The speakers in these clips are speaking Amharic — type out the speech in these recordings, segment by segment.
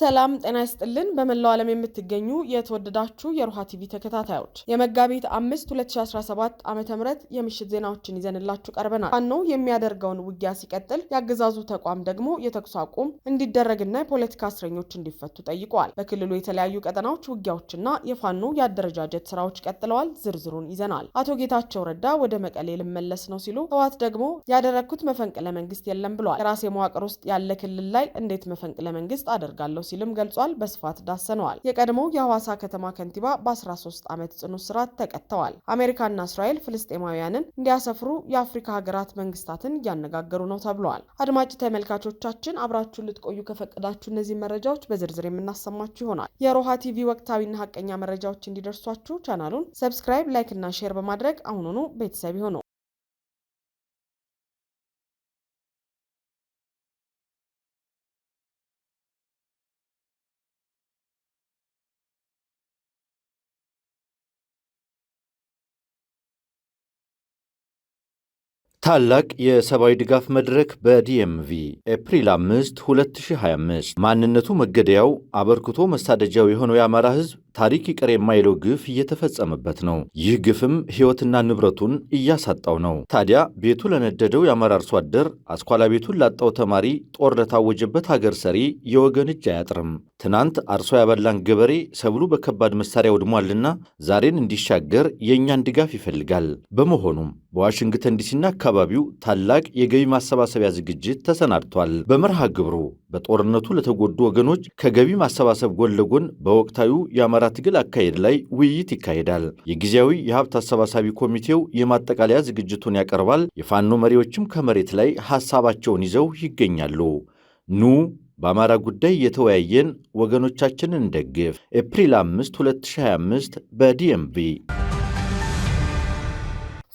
ሰላም ጤና ይስጥልን። በመላው ዓለም የምትገኙ የተወደዳችሁ የሮሃ ቲቪ ተከታታዮች የመጋቢት አምስት 2017 ዓ ም የምሽት ዜናዎችን ይዘንላችሁ ቀርበናል። ፋኖ የሚያደርገውን ውጊያ ሲቀጥል የአገዛዙ ተቋም ደግሞ የተኩስ አቁም እንዲደረግና የፖለቲካ እስረኞች እንዲፈቱ ጠይቋል። በክልሉ የተለያዩ ቀጠናዎች ውጊያዎችና የፋኖ የአደረጃጀት ስራዎች ቀጥለዋል። ዝርዝሩን ይዘናል። አቶ ጌታቸው ረዳ ወደ መቀሌ ልመለስ ነው ሲሉ፣ ህወሓት ደግሞ ያደረግኩት መፈንቅለ መንግስት የለም ብሏል። የራሴ መዋቅር ውስጥ ያለ ክልል ላይ እንዴት መፈንቅለ መንግስት አደርጋለሁ ሲልም ገልጿል። በስፋት ዳሰነዋል። የቀድሞው የሐዋሳ ከተማ ከንቲባ በ13 ዓመት ጽኑ እስራት ተቀጥተዋል። አሜሪካና እስራኤል ፍልስጤማውያንን እንዲያሰፍሩ የአፍሪካ ሀገራት መንግስታትን እያነጋገሩ ነው ተብለዋል። አድማጭ ተመልካቾቻችን አብራችሁን ልትቆዩ ከፈቀዳችሁ እነዚህ መረጃዎች በዝርዝር የምናሰማችሁ ይሆናል። የሮሃ ቲቪ ወቅታዊና ሀቀኛ መረጃዎች እንዲደርሷችሁ ቻናሉን ሰብስክራይብ፣ ላይክ እና ሼር በማድረግ አሁኑኑ ቤተሰብ ይሁኑ። ታላቅ የሰብአዊ ድጋፍ መድረክ በዲኤምቪ ኤፕሪል 5 2025 ማንነቱ መገደያው አበርክቶ መሳደጃው የሆነው የአማራ ህዝብ። ታሪክ ይቅር የማይለው ግፍ እየተፈጸመበት ነው። ይህ ግፍም ሕይወትና ንብረቱን እያሳጣው ነው። ታዲያ ቤቱ ለነደደው የአማራ አርሶ አደር፣ አስኳላ ቤቱን ላጣው ተማሪ፣ ጦር ለታወጀበት ሀገር ሰሪ የወገን እጅ አያጥርም። ትናንት አርሶ ያበላን ገበሬ ሰብሉ በከባድ መሳሪያ ወድሟልና ዛሬን እንዲሻገር የእኛን ድጋፍ ይፈልጋል። በመሆኑም በዋሽንግተን ዲሲና አካባቢው ታላቅ የገቢ ማሰባሰቢያ ዝግጅት ተሰናድቷል። በመርሃ ግብሩ በጦርነቱ ለተጎዱ ወገኖች ከገቢ ማሰባሰብ ጎን ለጎን በወቅታዊ የአማራ ትግል አካሄድ ላይ ውይይት ይካሄዳል። የጊዜያዊ የሀብት አሰባሳቢ ኮሚቴው የማጠቃለያ ዝግጅቱን ያቀርባል። የፋኖ መሪዎችም ከመሬት ላይ ሀሳባቸውን ይዘው ይገኛሉ። ኑ በአማራ ጉዳይ የተወያየን ወገኖቻችንን እንደግፍ። ኤፕሪል 5 2025 በዲኤምቪ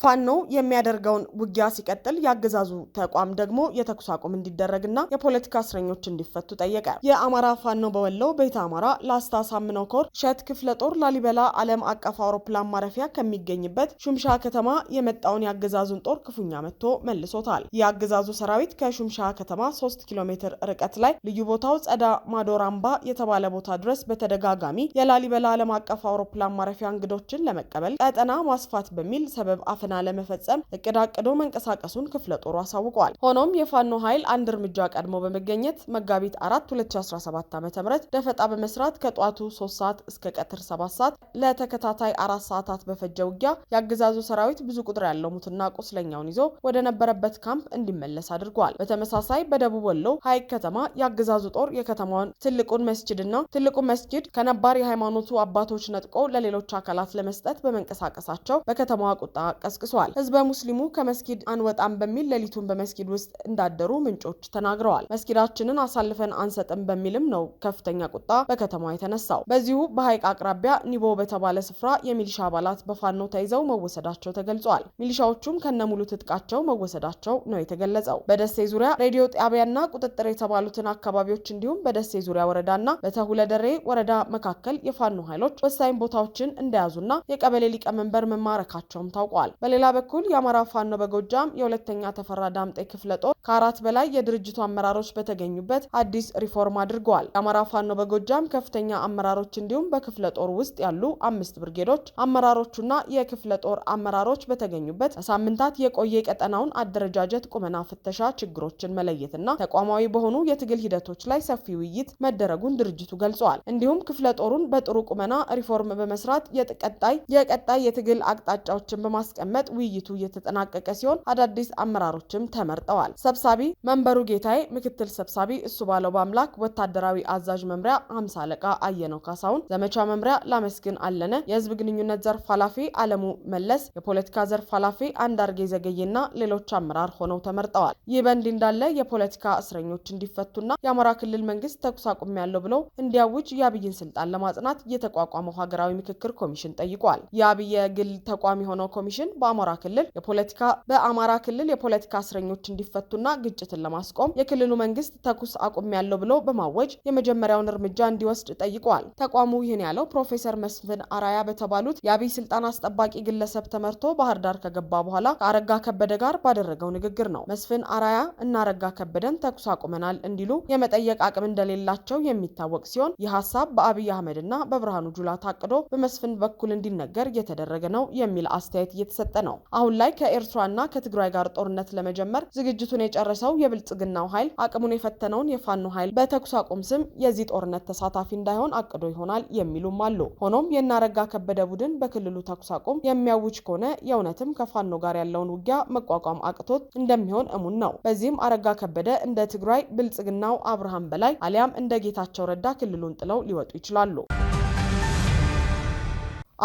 ፋኖ የሚያደርገውን ውጊያ ሲቀጥል የአገዛዙ ተቋም ደግሞ የተኩስ አቁም እንዲደረግና የፖለቲካ እስረኞች እንዲፈቱ ጠየቀ። የአማራ ፋኖ በወሎ ቤተ አማራ ላስታ ሳምነው ኮር ሸት ክፍለ ጦር ላሊበላ ዓለም አቀፍ አውሮፕላን ማረፊያ ከሚገኝበት ሹምሻ ከተማ የመጣውን የአገዛዙን ጦር ክፉኛ መጥቶ መልሶታል። የአገዛዙ ሰራዊት ከሹምሻ ከተማ 3 ኪሎ ሜትር ርቀት ላይ ልዩ ቦታው ጸዳ ማዶራምባ የተባለ ቦታ ድረስ በተደጋጋሚ የላሊበላ ዓለም አቀፍ አውሮፕላን ማረፊያ እንግዶችን ለመቀበል ቀጠና ማስፋት በሚል ሰበብ አፈ ትንተና ለመፈጸም እቅድ አቅዶ መንቀሳቀሱን ክፍለ ጦሩ አሳውቀዋል። ሆኖም የፋኖ ኃይል አንድ እርምጃ ቀድሞ በመገኘት መጋቢት አራት 2017 ዓ ም ደፈጣ በመስራት ከጠዋቱ 3 ሰዓት እስከ ቀትር 7 ሰዓት ለተከታታይ አራት ሰዓታት በፈጀ ውጊያ የአገዛዙ ሰራዊት ብዙ ቁጥር ያለው ሙትና ቁስለኛውን ይዞ ወደ ነበረበት ካምፕ እንዲመለስ አድርጓል። በተመሳሳይ በደቡብ ወሎ ሀይቅ ከተማ የአገዛዙ ጦር የከተማውን ትልቁን መስጅድና ትልቁን መስጅድ ከነባር የሃይማኖቱ አባቶች ነጥቆ ለሌሎች አካላት ለመስጠት በመንቀሳቀሳቸው በከተማዋ ቁጣ ቀስ ተቀስቅሷል። ህዝበ ሙስሊሙ ከመስጊድ አንወጣም በሚል ሌሊቱን በመስጊድ ውስጥ እንዳደሩ ምንጮች ተናግረዋል። መስጊዳችንን አሳልፈን አንሰጥም በሚልም ነው ከፍተኛ ቁጣ በከተማዋ የተነሳው። በዚሁ በሐይቅ አቅራቢያ ኒቦ በተባለ ስፍራ የሚሊሻ አባላት በፋኖ ተይዘው መወሰዳቸው ተገልጿል። ሚሊሻዎቹም ከነሙሉ ትጥቃቸው መወሰዳቸው ነው የተገለጸው። በደሴ ዙሪያ ሬዲዮ ጣቢያና ቁጥጥር የተባሉትን አካባቢዎች እንዲሁም በደሴ ዙሪያ ወረዳና በተሁለደሬ ወረዳ መካከል የፋኖ ኃይሎች ወሳኝ ቦታዎችን እንደያዙና የቀበሌ ሊቀመንበር መማረካቸውም ታውቋል። በሌላ በኩል የአማራ ፋኖ በጎጃም የሁለተኛ ተፈራ ዳምጤ ክፍለ ጦር ከአራት በላይ የድርጅቱ አመራሮች በተገኙበት አዲስ ሪፎርም አድርገዋል። የአማራ ፋኖ በጎጃም ከፍተኛ አመራሮች እንዲሁም በክፍለ ጦር ውስጥ ያሉ አምስት ብርጌዶች አመራሮቹና የክፍለ ጦር አመራሮች በተገኙበት ሳምንታት የቆየ ቀጠናውን አደረጃጀት ቁመና ፍተሻ፣ ችግሮችን መለየትና ተቋማዊ በሆኑ የትግል ሂደቶች ላይ ሰፊ ውይይት መደረጉን ድርጅቱ ገልጸዋል። እንዲሁም ክፍለ ጦሩን በጥሩ ቁመና ሪፎርም በመስራት የቀጣይ የቀጣይ የትግል አቅጣጫዎችን በማስቀመጥ በመመረጥ ውይይቱ እየተጠናቀቀ ሲሆን አዳዲስ አመራሮችም ተመርጠዋል። ሰብሳቢ መንበሩ ጌታዬ፣ ምክትል ሰብሳቢ እሱ ባለው በአምላክ፣ ወታደራዊ አዛዥ መምሪያ አምሳ አለቃ አየነው ካሳሁን፣ ዘመቻ መምሪያ ላመስግን አለነ፣ የህዝብ ግንኙነት ዘርፍ ኃላፊ አለሙ መለስ፣ የፖለቲካ ዘርፍ ኃላፊ አንዳርጌ ዘገዬና ሌሎች አመራር ሆነው ተመርጠዋል። ይህ በእንዲህ እንዳለ የፖለቲካ እስረኞች እንዲፈቱና የአማራ ክልል መንግስት ተኩስ አቁም ያለው ብለው እንዲያውጅ የአብይን ስልጣን ለማጽናት የተቋቋመው ሀገራዊ ምክክር ኮሚሽን ጠይቋል። የአብይ የግል ተቋም የሆነው ኮሚሽን በአማራ ክልል የፖለቲካ በአማራ ክልል የፖለቲካ እስረኞች እንዲፈቱና ግጭትን ለማስቆም የክልሉ መንግስት ተኩስ አቁም ያለው ብሎ በማወጅ የመጀመሪያውን እርምጃ እንዲወስድ ጠይቋል። ተቋሙ ይህን ያለው ፕሮፌሰር መስፍን አራያ በተባሉት የአብይ ስልጣን አስጠባቂ ግለሰብ ተመርቶ ባህር ዳር ከገባ በኋላ ከአረጋ ከበደ ጋር ባደረገው ንግግር ነው። መስፍን አራያ እና አረጋ ከበደን ተኩስ አቁመናል እንዲሉ የመጠየቅ አቅም እንደሌላቸው የሚታወቅ ሲሆን ይህ ሀሳብ በአብይ አህመድ በብርሃኑ ጁላ ታቅዶ በመስፍን በኩል እንዲነገር እየተደረገ ነው የሚል አስተያየት እየተሰጠ እየሰጠ ነው። አሁን ላይ ከኤርትራና ከትግራይ ጋር ጦርነት ለመጀመር ዝግጅቱን የጨረሰው የብልጽግናው ኃይል አቅሙን የፈተነውን የፋኖ ኃይል በተኩስ አቁም ስም የዚህ ጦርነት ተሳታፊ እንዳይሆን አቅዶ ይሆናል የሚሉም አሉ። ሆኖም የናረጋ ከበደ ቡድን በክልሉ ተኩስ አቁም የሚያውጅ ከሆነ የእውነትም ከፋኖ ጋር ያለውን ውጊያ መቋቋም አቅቶት እንደሚሆን እሙን ነው። በዚህም አረጋ ከበደ እንደ ትግራይ ብልጽግናው አብርሃም በላይ አሊያም እንደ ጌታቸው ረዳ ክልሉን ጥለው ሊወጡ ይችላሉ።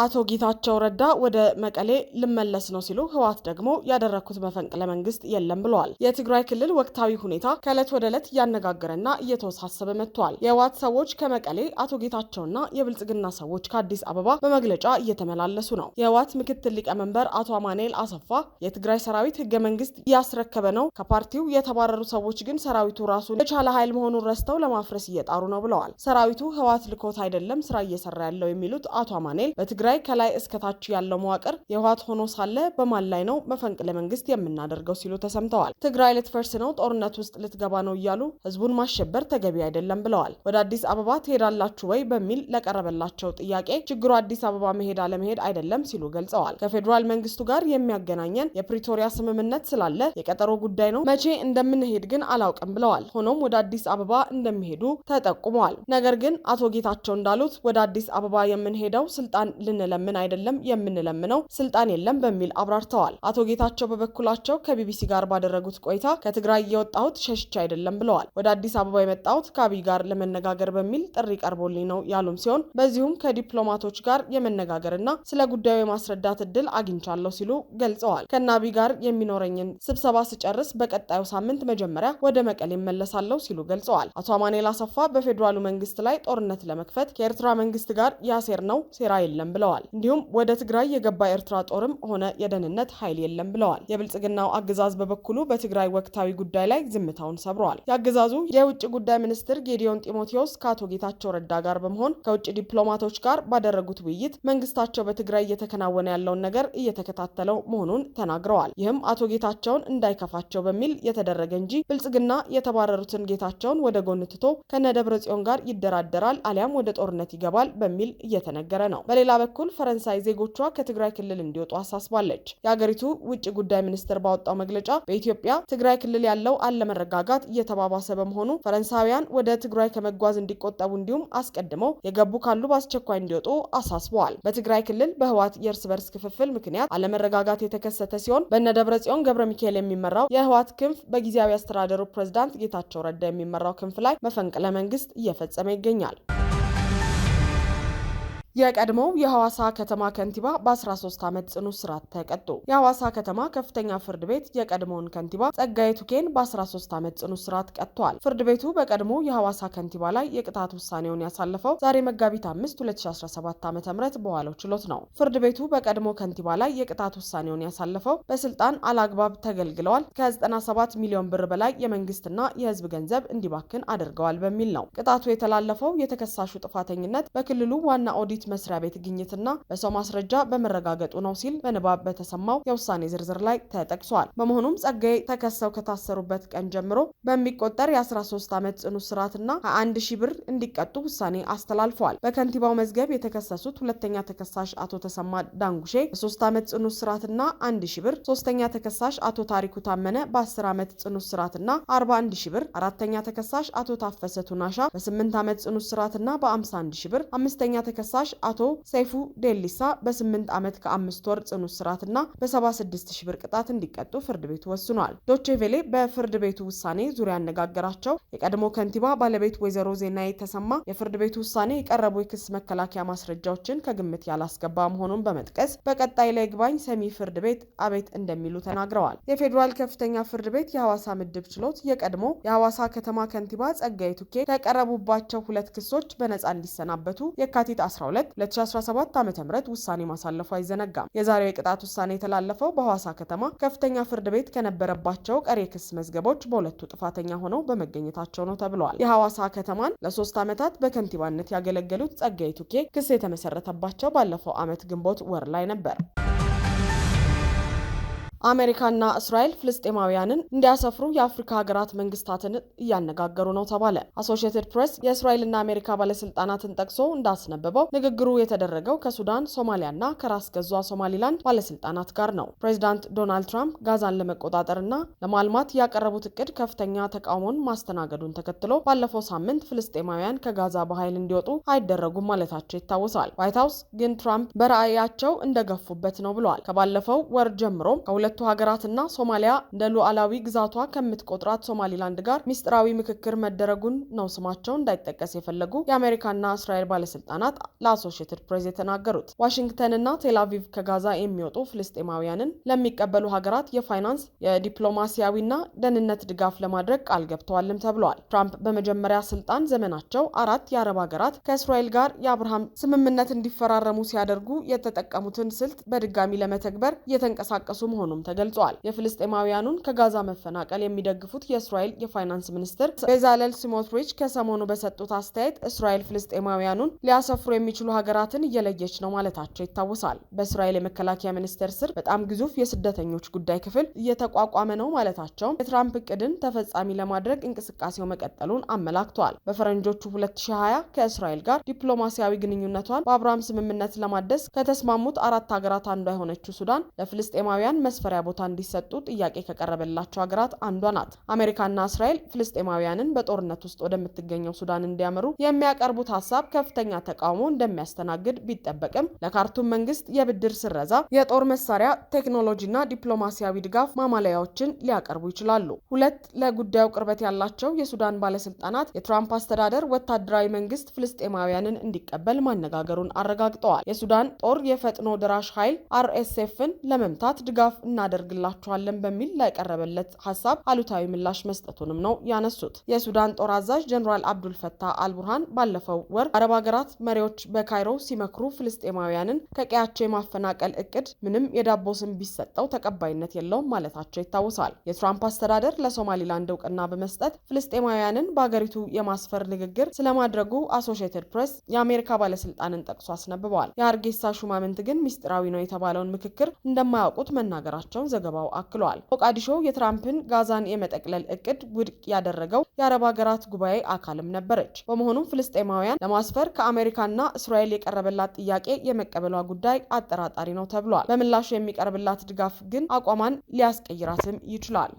አቶ ጌታቸው ረዳ ወደ መቀሌ ልመለስ ነው ሲሉ ህወሓት ደግሞ ያደረግኩት መፈንቅለ መንግስት የለም ብለዋል። የትግራይ ክልል ወቅታዊ ሁኔታ ከእለት ወደ ዕለት እያነጋገረና እየተወሳሰበ መጥቷል። የህወሓት ሰዎች ከመቀሌ አቶ ጌታቸውና የብልጽግና ሰዎች ከአዲስ አበባ በመግለጫ እየተመላለሱ ነው። የህወሓት ምክትል ሊቀመንበር አቶ አማኑኤል አሰፋ የትግራይ ሰራዊት ህገ መንግስት እያስረከበ ነው፣ ከፓርቲው የተባረሩ ሰዎች ግን ሰራዊቱ ራሱን የቻለ ኃይል መሆኑን ረስተው ለማፍረስ እየጣሩ ነው ብለዋል። ሰራዊቱ ህወሓት ልኮት አይደለም ስራ እየሰራ ያለው የሚሉት አቶ አማኑኤል በትግራይ ትግራይ ከላይ እስከታች ያለው መዋቅር የህወሓት ሆኖ ሳለ በማን ላይ ነው መፈንቅለ መንግስት የምናደርገው ሲሉ ተሰምተዋል። ትግራይ ልትፈርስ ነው፣ ጦርነት ውስጥ ልትገባ ነው እያሉ ህዝቡን ማሸበር ተገቢ አይደለም ብለዋል። ወደ አዲስ አበባ ትሄዳላችሁ ወይ በሚል ለቀረበላቸው ጥያቄ ችግሩ አዲስ አበባ መሄድ አለመሄድ አይደለም ሲሉ ገልጸዋል። ከፌዴራል መንግስቱ ጋር የሚያገናኘን የፕሪቶሪያ ስምምነት ስላለ የቀጠሮ ጉዳይ ነው፣ መቼ እንደምንሄድ ግን አላውቅም ብለዋል። ሆኖም ወደ አዲስ አበባ እንደሚሄዱ ተጠቁመዋል። ነገር ግን አቶ ጌታቸው እንዳሉት ወደ አዲስ አበባ የምንሄደው ስልጣን ልን የምንለምን አይደለም የምንለምነው ስልጣን የለም በሚል አብራርተዋል። አቶ ጌታቸው በበኩላቸው ከቢቢሲ ጋር ባደረጉት ቆይታ ከትግራይ የወጣሁት ሸሽቼ አይደለም ብለዋል። ወደ አዲስ አበባ የመጣሁት ከአብይ ጋር ለመነጋገር በሚል ጥሪ ቀርቦልኝ ነው ያሉም ሲሆን በዚሁም ከዲፕሎማቶች ጋር የመነጋገርና ስለ ጉዳዩ የማስረዳት እድል አግኝቻለሁ ሲሉ ገልጸዋል። ከነ ጋር የሚኖረኝን ስብሰባ ስጨርስ በቀጣዩ ሳምንት መጀመሪያ ወደ መቀሌ እመለሳለሁ ሲሉ ገልጸዋል። አቶ አማኑኤል አሰፋ በፌዴራሉ መንግስት ላይ ጦርነት ለመክፈት ከኤርትራ መንግስት ጋር ያሴር ነው ሴራ የለም ብለዋል። ብለዋል። እንዲሁም ወደ ትግራይ የገባ የኤርትራ ጦርም ሆነ የደህንነት ኃይል የለም ብለዋል። የብልጽግናው አገዛዝ በበኩሉ በትግራይ ወቅታዊ ጉዳይ ላይ ዝምታውን ሰብረዋል። የአገዛዙ የውጭ ጉዳይ ሚኒስትር ጌዲዮን ጢሞቴዎስ ከአቶ ጌታቸው ረዳ ጋር በመሆን ከውጭ ዲፕሎማቶች ጋር ባደረጉት ውይይት መንግስታቸው በትግራይ እየተከናወነ ያለውን ነገር እየተከታተለው መሆኑን ተናግረዋል። ይህም አቶ ጌታቸውን እንዳይከፋቸው በሚል የተደረገ እንጂ ብልጽግና የተባረሩትን ጌታቸውን ወደ ጎን ትቶ ከነደብረ ጽዮን ጋር ይደራደራል አሊያም ወደ ጦርነት ይገባል በሚል እየተነገረ ነው። በሌላ በኩል በኩል ፈረንሳይ ዜጎቿ ከትግራይ ክልል እንዲወጡ አሳስባለች። የአገሪቱ ውጭ ጉዳይ ሚኒስትር ባወጣው መግለጫ በኢትዮጵያ ትግራይ ክልል ያለው አለመረጋጋት እየተባባሰ በመሆኑ ፈረንሳውያን ወደ ትግራይ ከመጓዝ እንዲቆጠቡ እንዲሁም አስቀድመው የገቡ ካሉ በአስቸኳይ እንዲወጡ አሳስበዋል። በትግራይ ክልል በህወሓት የእርስ በርስ ክፍፍል ምክንያት አለመረጋጋት የተከሰተ ሲሆን በነ ደብረ ጽዮን ገብረ ሚካኤል የሚመራው የህወሓት ክንፍ በጊዜያዊ አስተዳደሩ ፕሬዝዳንት ጌታቸው ረዳ የሚመራው ክንፍ ላይ መፈንቅለ መንግስት እየፈጸመ ይገኛል። የቀድሞው የሐዋሳ ከተማ ከንቲባ በ13 ዓመት ጽኑ እስራት ተቀጡ። የሐዋሳ ከተማ ከፍተኛ ፍርድ ቤት የቀድሞውን ከንቲባ ጸጋዬ ቱኬን በ13 ዓመት ጽኑ እስራት ቀጥቷል። ፍርድ ቤቱ በቀድሞ የሐዋሳ ከንቲባ ላይ የቅጣት ውሳኔውን ያሳለፈው ዛሬ መጋቢት 5 2017 ዓ ም በዋለው ችሎት ነው። ፍርድ ቤቱ በቀድሞ ከንቲባ ላይ የቅጣት ውሳኔውን ያሳለፈው በስልጣን አላግባብ ተገልግለዋል፣ ከ97 ሚሊዮን ብር በላይ የመንግስትና የህዝብ ገንዘብ እንዲባክን አድርገዋል በሚል ነው። ቅጣቱ የተላለፈው የተከሳሹ ጥፋተኝነት በክልሉ ዋና ኦዲት መስሪያ ቤት ግኝትና በሰው ማስረጃ በመረጋገጡ ነው ሲል በንባብ በተሰማው የውሳኔ ዝርዝር ላይ ተጠቅሷል። በመሆኑም ጸጋዬ ተከሰው ከታሰሩበት ቀን ጀምሮ በሚቆጠር የ13 ዓመት ጽኑ እስራትና ከአንድ ሺህ ብር እንዲቀጡ ውሳኔ አስተላልፏል። በከንቲባው መዝገብ የተከሰሱት ሁለተኛ ተከሳሽ አቶ ተሰማ ዳንጉሼ በ3 ዓመት ጽኑ እስራትና አንድ ሺህ ብር፣ ሶስተኛ ተከሳሽ አቶ ታሪኩ ታመነ በ10 ዓመት ጽኑ እስራትና 41 ሺ ብር፣ አራተኛ ተከሳሽ አቶ ታፈሰ ቱናሻ በ8 ዓመት ጽኑ እስራትና በ51 ሺ ብር፣ አምስተኛ ተከሳሽ አቶ ሰይፉ ዴሊሳ በ8 ዓመት ከአምስት ወር ጽኑ እስራትና በ76 ሺ ብር ቅጣት እንዲቀጡ ፍርድ ቤቱ ወስኗል። ዶቼ ቬሌ በፍርድ ቤቱ ውሳኔ ዙሪያ ያነጋገራቸው የቀድሞ ከንቲባ ባለቤት ወይዘሮ ዜና የተሰማ የፍርድ ቤቱ ውሳኔ የቀረቡ የክስ መከላከያ ማስረጃዎችን ከግምት ያላስገባ መሆኑን በመጥቀስ በቀጣይ ላይ ግባኝ ሰሚ ፍርድ ቤት አቤት እንደሚሉ ተናግረዋል። የፌዴራል ከፍተኛ ፍርድ ቤት የሐዋሳ ምድብ ችሎት የቀድሞ የሐዋሳ ከተማ ከንቲባ ጸጋዬ ቱኬ ከቀረቡባቸው ሁለት ክሶች በነጻ እንዲሰናበቱ የካቲት 12 ረገድ ለ2017 ዓ ም ውሳኔ ማሳለፉ አይዘነጋም። የዛሬው የቅጣት ውሳኔ የተላለፈው በሐዋሳ ከተማ ከፍተኛ ፍርድ ቤት ከነበረባቸው ቀሪ የክስ መዝገቦች በሁለቱ ጥፋተኛ ሆነው በመገኘታቸው ነው ተብለዋል። የሐዋሳ ከተማን ለሶስት ዓመታት በከንቲባነት ያገለገሉት ጸጋዬ ቱኬ ክስ የተመሰረተባቸው ባለፈው ዓመት ግንቦት ወር ላይ ነበር። አሜሪካና እስራኤል ፍልስጤማውያንን እንዲያሰፍሩ የአፍሪካ ሀገራት መንግስታትን እያነጋገሩ ነው ተባለ። አሶሺየትድ ፕሬስ የእስራኤልና አሜሪካ ባለስልጣናትን ጠቅሶ እንዳስነበበው ንግግሩ የተደረገው ከሱዳን፣ ሶማሊያና ከራስ ገዟ ሶማሊላንድ ባለስልጣናት ጋር ነው። ፕሬዚዳንት ዶናልድ ትራምፕ ጋዛን ለመቆጣጠርና ለማልማት ያቀረቡት እቅድ ከፍተኛ ተቃውሞን ማስተናገዱን ተከትሎ ባለፈው ሳምንት ፍልስጤማውያን ከጋዛ በኃይል እንዲወጡ አይደረጉም ማለታቸው ይታወሳል። ዋይት ሀውስ ግን ትራምፕ በራዕያቸው እንደገፉበት ነው ብለዋል። ከባለፈው ወር ጀምሮም ከሁለት ሁለቱ ሀገራትና ሶማሊያ እንደ ሉዓላዊ ግዛቷ ከምትቆጥራት ሶማሊላንድ ጋር ሚስጥራዊ ምክክር መደረጉን ነው ስማቸው እንዳይጠቀስ የፈለጉ የአሜሪካና እስራኤል ባለስልጣናት ለአሶሽትድ ፕሬስ የተናገሩት። ዋሽንግተንና ቴላቪቭ ከጋዛ የሚወጡ ፍልስጤማውያንን ለሚቀበሉ ሀገራት የፋይናንስ የዲፕሎማሲያዊና ደህንነት ድጋፍ ለማድረግ ቃል ገብተዋልም ተብለዋል። ትራምፕ በመጀመሪያ ስልጣን ዘመናቸው አራት የአረብ ሀገራት ከእስራኤል ጋር የአብርሃም ስምምነት እንዲፈራረሙ ሲያደርጉ የተጠቀሙትን ስልት በድጋሚ ለመተግበር እየተንቀሳቀሱ መሆኑ መሆኑም ተገልጿል። የፍልስጤማውያኑን ከጋዛ መፈናቀል የሚደግፉት የእስራኤል የፋይናንስ ሚኒስትር ቤዛለል ስሞትሪች ከሰሞኑ በሰጡት አስተያየት እስራኤል ፍልስጤማውያኑን ሊያሰፍሩ የሚችሉ ሀገራትን እየለየች ነው ማለታቸው ይታወሳል። በእስራኤል የመከላከያ ሚኒስቴር ስር በጣም ግዙፍ የስደተኞች ጉዳይ ክፍል እየተቋቋመ ነው ማለታቸውም የትራምፕ እቅድን ተፈጻሚ ለማድረግ እንቅስቃሴው መቀጠሉን አመላክቷል። በፈረንጆቹ 2020 ከእስራኤል ጋር ዲፕሎማሲያዊ ግንኙነቷን በአብርሃም ስምምነት ለማደስ ከተስማሙት አራት ሀገራት አንዷ የሆነችው ሱዳን ለፍልስጤማውያን መስፈ የማስፈሪያ ቦታ እንዲሰጡ ጥያቄ ከቀረበላቸው ሀገራት አንዷ ናት። አሜሪካና እስራኤል ፍልስጤማውያንን በጦርነት ውስጥ ወደምትገኘው ሱዳን እንዲያመሩ የሚያቀርቡት ሀሳብ ከፍተኛ ተቃውሞ እንደሚያስተናግድ ቢጠበቅም ለካርቱም መንግስት የብድር ስረዛ፣ የጦር መሳሪያ ቴክኖሎጂና ዲፕሎማሲያዊ ድጋፍ ማማለያዎችን ሊያቀርቡ ይችላሉ። ሁለት ለጉዳዩ ቅርበት ያላቸው የሱዳን ባለስልጣናት የትራምፕ አስተዳደር ወታደራዊ መንግስት ፍልስጤማውያንን እንዲቀበል ማነጋገሩን አረጋግጠዋል። የሱዳን ጦር የፈጥኖ ድራሽ ኃይል አርኤስኤፍን ለመምታት ድጋፍ እናደርግላቸዋለን በሚል ለቀረበለት ሀሳብ አሉታዊ ምላሽ መስጠቱንም ነው ያነሱት። የሱዳን ጦር አዛዥ ጀኔራል አብዱልፈታህ አልቡርሃን ባለፈው ወር አረብ ሀገራት መሪዎች በካይሮ ሲመክሩ ፍልስጤማውያንን ከቀያቸው የማፈናቀል እቅድ ምንም የዳቦ ስም ቢሰጠው ተቀባይነት የለውም ማለታቸው ይታወሳል። የትራምፕ አስተዳደር ለሶማሊላንድ እውቅና በመስጠት ፍልስጤማውያንን በሀገሪቱ የማስፈር ንግግር ስለማድረጉ አሶሺየትድ ፕሬስ የአሜሪካ ባለስልጣንን ጠቅሶ አስነብበዋል። የአርጌሳ ሹማምንት ግን ምስጢራዊ ነው የተባለውን ምክክር እንደማያውቁት መናገራቸው መሆናቸውን ዘገባው አክሏል። ሞቃዲሾ የትራምፕን ጋዛን የመጠቅለል እቅድ ውድቅ ያደረገው የአረብ ሀገራት ጉባኤ አካልም ነበረች። በመሆኑም ፍልስጤማውያን ለማስፈር ከአሜሪካና እስራኤል የቀረበላት ጥያቄ የመቀበሏ ጉዳይ አጠራጣሪ ነው ተብሏል። በምላሹ የሚቀርብላት ድጋፍ ግን አቋሟን ሊያስቀይራትም ይችላል።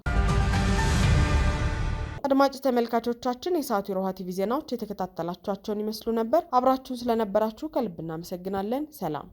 አድማጭ ተመልካቾቻችን የሰዓቱ የሮሃ ቲቪ ዜናዎች የተከታተላችኋቸውን ይመስሉ ነበር። አብራችሁን ስለነበራችሁ ከልብ እናመሰግናለን። ሰላም